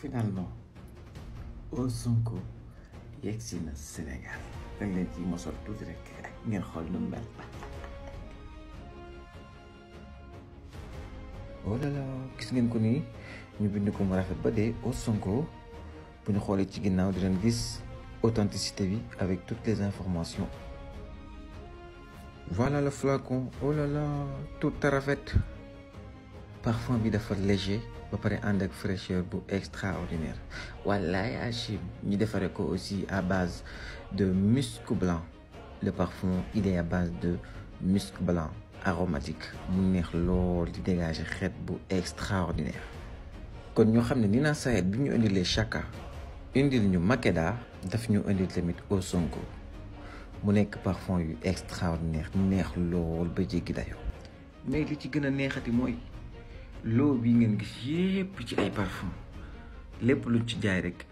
finalement Sonko sonco, si na Sénégal dañ leen ci mosol tuuti rek ngeen xool oh là là qu'est-ce que vous ñu bind ko mu rafet ba Au Sonko bu ñu xoolee ci ginnaaw di leen gis authenticité avec toutes les informations voilà le flacon oh là là tout fait parfum bi dafa léger ba paré ànd ak fraîcheur bu extraordinaire wallahi achim ñi défaré ko aussi à base de musc blanc le parfum il est à base de musc blanc aromatique mu neex lool di dégager xet bu extraordinaire kon ñu xamné ne Nina Sayed bi ñu indilee Chaka indil ñu Makeda daf ñu indil tamit Osongo mu nekk parfum yu extraordinaire neex lool ba jéggi dayo mais li ci gëna neexati mooy loo bi ngeen gis yépp ci ay parfum lépp lu ci jaay rek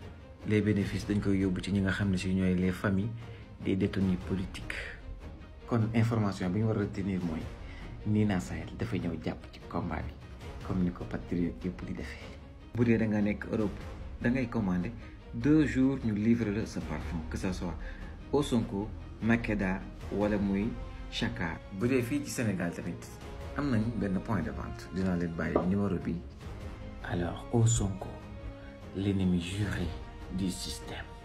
les bénéfices dañ koy yóbbu ci ñi nga xam ne si ñooy les familles des détenus politiques kon information bi ñu war a retenir mooy nii naa sax Sahel dafa ñëw jàpp ci combat bi comme ni ko patriote yëpp di defee bu dee da nga nekk Europe da ngay commandé deux jours ñu livrer la sa parfum que ça soit Osonko Makeda wala muy Chaka bu dee fii ci Sénégal tamit am nañ benn point de vente dinaa leen bàyyi numéro bi alors ô Sonko l'ennemi juré du système